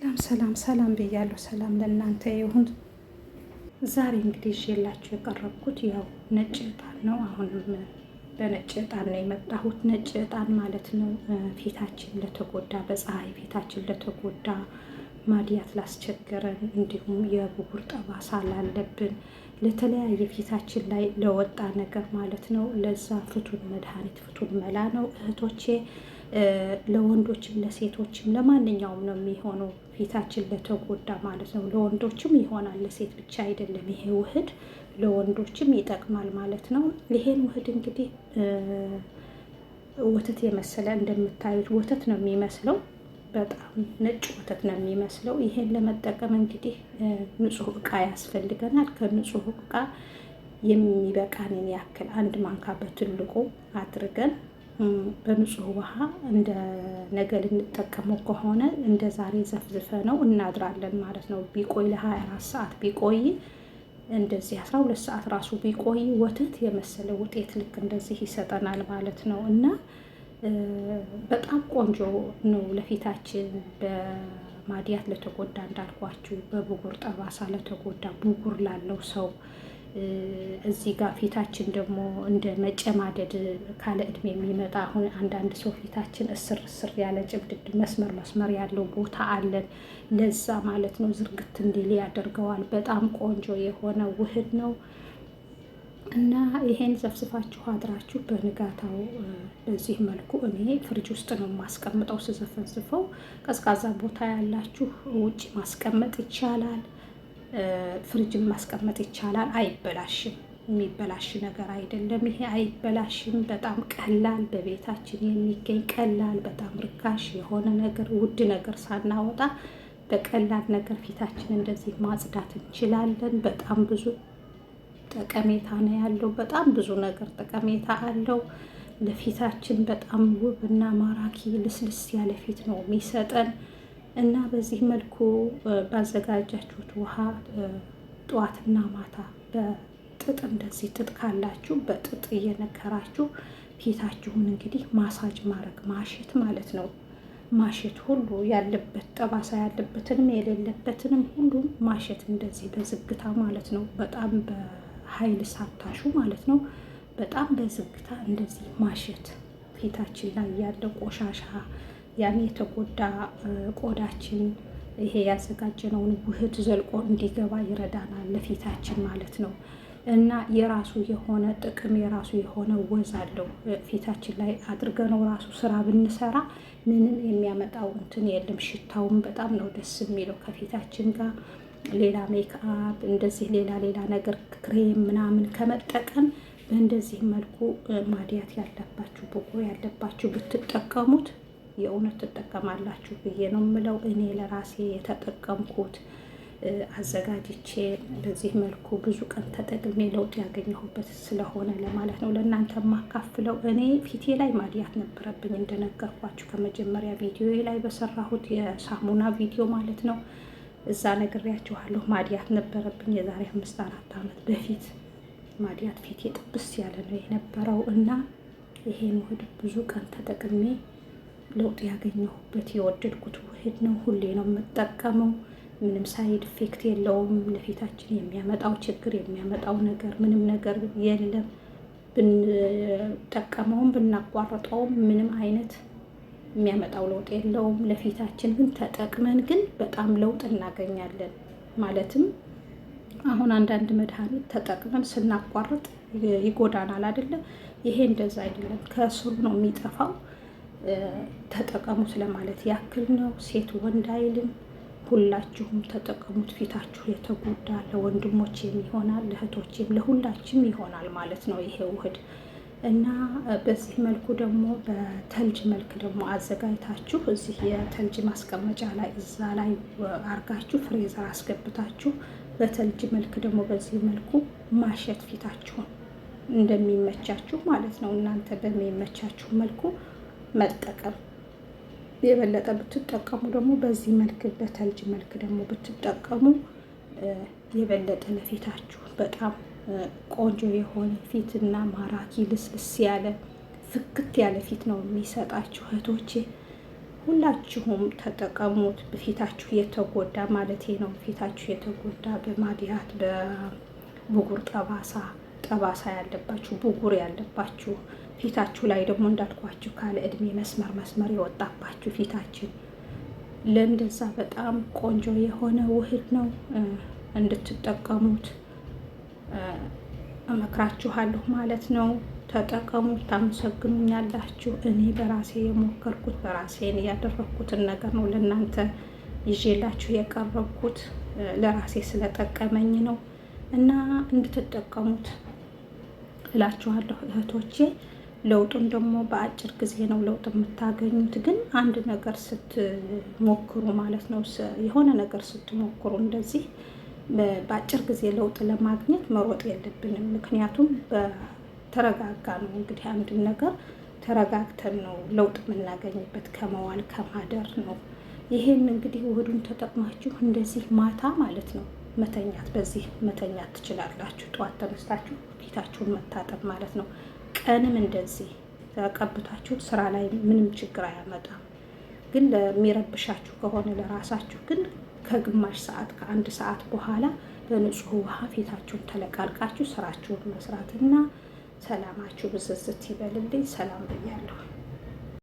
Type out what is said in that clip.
ሰላም ሰላም ሰላም ብያለሁ። ሰላም ለእናንተ ይሁን። ዛሬ እንግዲህ ይዤላችሁ የቀረብኩት ያው ነጭ እጣን ነው። አሁንም በነጭ እጣን ነው የመጣሁት። ነጭ እጣን ማለት ነው ፊታችን ለተጎዳ በፀሐይ ፊታችን ለተጎዳ ማድያት ላስቸገረን፣ እንዲሁም የብጉር ጠባሳ ላለብን፣ ለተለያየ ፊታችን ላይ ለወጣ ነገር ማለት ነው። ለዛ ፍቱን መድኃኒት፣ ፍቱን መላ ነው እህቶቼ ለወንዶችም ለሴቶችም ለማንኛውም ነው የሚሆነው። ፊታችን ለተጎዳ ማለት ነው። ለወንዶችም ይሆናል፣ ለሴት ብቻ አይደለም። ይሄ ውህድ ለወንዶችም ይጠቅማል ማለት ነው። ይሄን ውህድ እንግዲህ ወተት የመሰለ እንደምታዩት ወተት ነው የሚመስለው። በጣም ነጭ ወተት ነው የሚመስለው። ይሄን ለመጠቀም እንግዲህ ንጹህ እቃ ያስፈልገናል። ከንጹህ እቃ የሚበቃንን ያክል አንድ ማንካ በትልቁ አድርገን በንጹህ ውሃ እንደ ነገ ልንጠቀመው ከሆነ እንደ ዛሬ ዘፍዝፈ ነው እናድራለን ማለት ነው። ቢቆይ ለ24 ሰዓት ቢቆይ እንደዚህ 12 ሰዓት ራሱ ቢቆይ ወተት የመሰለ ውጤት ልክ እንደዚህ ይሰጠናል ማለት ነው እና በጣም ቆንጆ ነው ለፊታችን በማድያት ለተጎዳ እንዳልኳችሁ፣ በብጉር ጠባሳ ለተጎዳ ብጉር ላለው ሰው እዚህ ጋር ፊታችን ደግሞ እንደ መጨማደድ ካለ እድሜ የሚመጣ አሁን አንዳንድ ሰው ፊታችን እስር እስር ያለ ጭብድድ መስመር መስመር ያለው ቦታ አለን። ለዛ ማለት ነው ዝርግት እንዲል ያደርገዋል። በጣም ቆንጆ የሆነ ውህድ ነው እና ይሄን ዘፍዝፋችሁ አድራችሁ በንጋታው በዚህ መልኩ እኔ ፍርጅ ውስጥ ነው ማስቀምጠው። ስዘፈዝፈው ቀዝቃዛ ቦታ ያላችሁ ውጭ ማስቀመጥ ይቻላል። ፍሪጅን ማስቀመጥ ይቻላል። አይበላሽም፣ የሚበላሽ ነገር አይደለም። ይሄ አይበላሽም። በጣም ቀላል በቤታችን የሚገኝ ቀላል፣ በጣም ርካሽ የሆነ ነገር ውድ ነገር ሳናወጣ በቀላል ነገር ፊታችን እንደዚህ ማጽዳት እንችላለን። በጣም ብዙ ጠቀሜታ ነው ያለው። በጣም ብዙ ነገር ጠቀሜታ አለው ለፊታችን። በጣም ውብ እና ማራኪ ልስልስ ያለ ፊት ነው የሚሰጠን። እና በዚህ መልኩ ባዘጋጃችሁት ውሃ ጠዋትና ማታ በጥጥ እንደዚህ ጥጥ ካላችሁ በጥጥ እየነከራችሁ ፊታችሁን እንግዲህ ማሳጅ ማድረግ ማሸት ማለት ነው። ማሸት ሁሉ ያለበት ጠባሳ ያለበትንም የሌለበትንም ሁሉም ማሸት እንደዚህ በዝግታ ማለት ነው። በጣም በኃይል ሳታሹ ማለት ነው። በጣም በዝግታ እንደዚህ ማሸት ፊታችን ላይ ያለ ቆሻሻ ያን የተጎዳ ቆዳችን ይሄ ያዘጋጀነውን ውህድ ዘልቆ እንዲገባ ይረዳናል፣ ለፊታችን ማለት ነው። እና የራሱ የሆነ ጥቅም የራሱ የሆነ ወዝ አለው። ፊታችን ላይ አድርገነው ራሱ ስራ ብንሰራ ምንም የሚያመጣው እንትን የለም። ሽታውም በጣም ነው ደስ የሚለው ከፊታችን ጋር ሌላ ሜክአፕ እንደዚህ ሌላ ሌላ ነገር ክሬም ምናምን ከመጠቀም በእንደዚህ መልኩ ማድያት ያለባችሁ ብጉር ያለባችሁ ብትጠቀሙት የእውነት ትጠቀማላችሁ ብዬ ነው የምለው። እኔ ለራሴ የተጠቀምኩት አዘጋጅቼ በዚህ መልኩ ብዙ ቀን ተጠቅሜ ለውጥ ያገኘሁበት ስለሆነ ለማለት ነው ለእናንተ የማካፍለው። እኔ ፊቴ ላይ ማድያት ነበረብኝ እንደነገርኳችሁ ከመጀመሪያ ቪዲዮ ላይ በሰራሁት የሳሙና ቪዲዮ ማለት ነው። እዛ ነግሬያችኋለሁ። ማድያት ነበረብኝ የዛሬ አምስት አራት ዓመት በፊት ማድያት ፊቴ ጥብስ ያለ ነው የነበረው እና ይሄን ውህድ ብዙ ቀን ተጠቅሜ ለውጥ ያገኘሁበት የወደድኩት ውህድ ነው። ሁሌ ነው የምጠቀመው። ምንም ሳይድ ኢፌክት የለውም። ለፊታችን የሚያመጣው ችግር የሚያመጣው ነገር ምንም ነገር የለም። ብንጠቀመውም ብናቋርጠውም ምንም አይነት የሚያመጣው ለውጥ የለውም። ለፊታችን ግን ተጠቅመን ግን በጣም ለውጥ እናገኛለን። ማለትም አሁን አንዳንድ መድኃኒት ተጠቅመን ስናቋርጥ ይጎዳናል አይደለም። ይሄ እንደዛ አይደለም፣ ከስሩ ነው የሚጠፋው። ተጠቀሙት ለማለት ያክል ነው። ሴት ወንድ አይልም። ሁላችሁም ተጠቀሙት። ፊታችሁ የተጎዳ ለወንድሞቼም ይሆናል፣ ለእህቶቼም፣ ለሁላችም ይሆናል ማለት ነው ይሄ ውህድ እና በዚህ መልኩ ደግሞ በተልጅ መልክ ደግሞ አዘጋጅታችሁ እዚህ የተልጅ ማስቀመጫ ላይ እዛ ላይ አርጋችሁ ፍሬዘር አስገብታችሁ በተልጅ መልክ ደግሞ በዚህ መልኩ ማሸት ፊታችሁን እንደሚመቻችሁ ማለት ነው። እናንተ በሚመቻችሁ መልኩ መጠቀም የበለጠ ብትጠቀሙ ደግሞ በዚህ መልክ በተልጅ መልክ ደግሞ ብትጠቀሙ የበለጠ ለፊታችሁ በጣም ቆንጆ የሆነ ፊትና ማራኪ ልስልስ ያለ ፍክት ያለ ፊት ነው የሚሰጣችሁ እህቶቼ። ሁላችሁም ተጠቀሙት። ፊታችሁ የተጎዳ ማለት ነው። ፊታችሁ የተጎዳ በማድያት በብጉር ጠባሳ ጠባሳ ያለባችሁ ብጉር ያለባችሁ ፊታችሁ ላይ ደግሞ እንዳልኳችሁ ካለ እድሜ መስመር መስመር የወጣባችሁ ፊታችን ለእንደዛ በጣም ቆንጆ የሆነ ውህድ ነው። እንድትጠቀሙት እመክራችኋለሁ ማለት ነው። ተጠቀሙት፣ ታመሰግኑኛላችሁ። እኔ በራሴ የሞከርኩት በራሴን ያደረግኩትን ነገር ነው ለእናንተ ይዤላችሁ የቀረብኩት ለራሴ ስለጠቀመኝ ነው እና እንድትጠቀሙት እላችኋለሁ እህቶቼ። ለውጡን ደግሞ በአጭር ጊዜ ነው ለውጥ የምታገኙት። ግን አንድ ነገር ስትሞክሩ ማለት ነው የሆነ ነገር ስትሞክሩ እንደዚህ በአጭር ጊዜ ለውጥ ለማግኘት መሮጥ የለብንም። ምክንያቱም በተረጋጋ ነው እንግዲህ አንድን ነገር ተረጋግተን ነው ለውጥ የምናገኝበት ከመዋል ከማደር ነው። ይሄን እንግዲህ ውህዱን ተጠቅማችሁ እንደዚህ ማታ ማለት ነው መተኛት፣ በዚህ መተኛት ትችላላችሁ። ጠዋት ተነስታችሁ ፊታችሁን መታጠብ ማለት ነው። ቀንም እንደዚህ ተቀብታችሁት ስራ ላይ ምንም ችግር አያመጣም። ግን ለሚረብሻችሁ ከሆነ ለራሳችሁ ግን ከግማሽ ሰዓት ከአንድ ሰዓት በኋላ በንጹህ ውሃ ፊታችሁን ተለቃልቃችሁ ስራችሁን መስራትና ሰላማችሁ ብዝዝት ይበልልኝ። ሰላም ብያለሁ።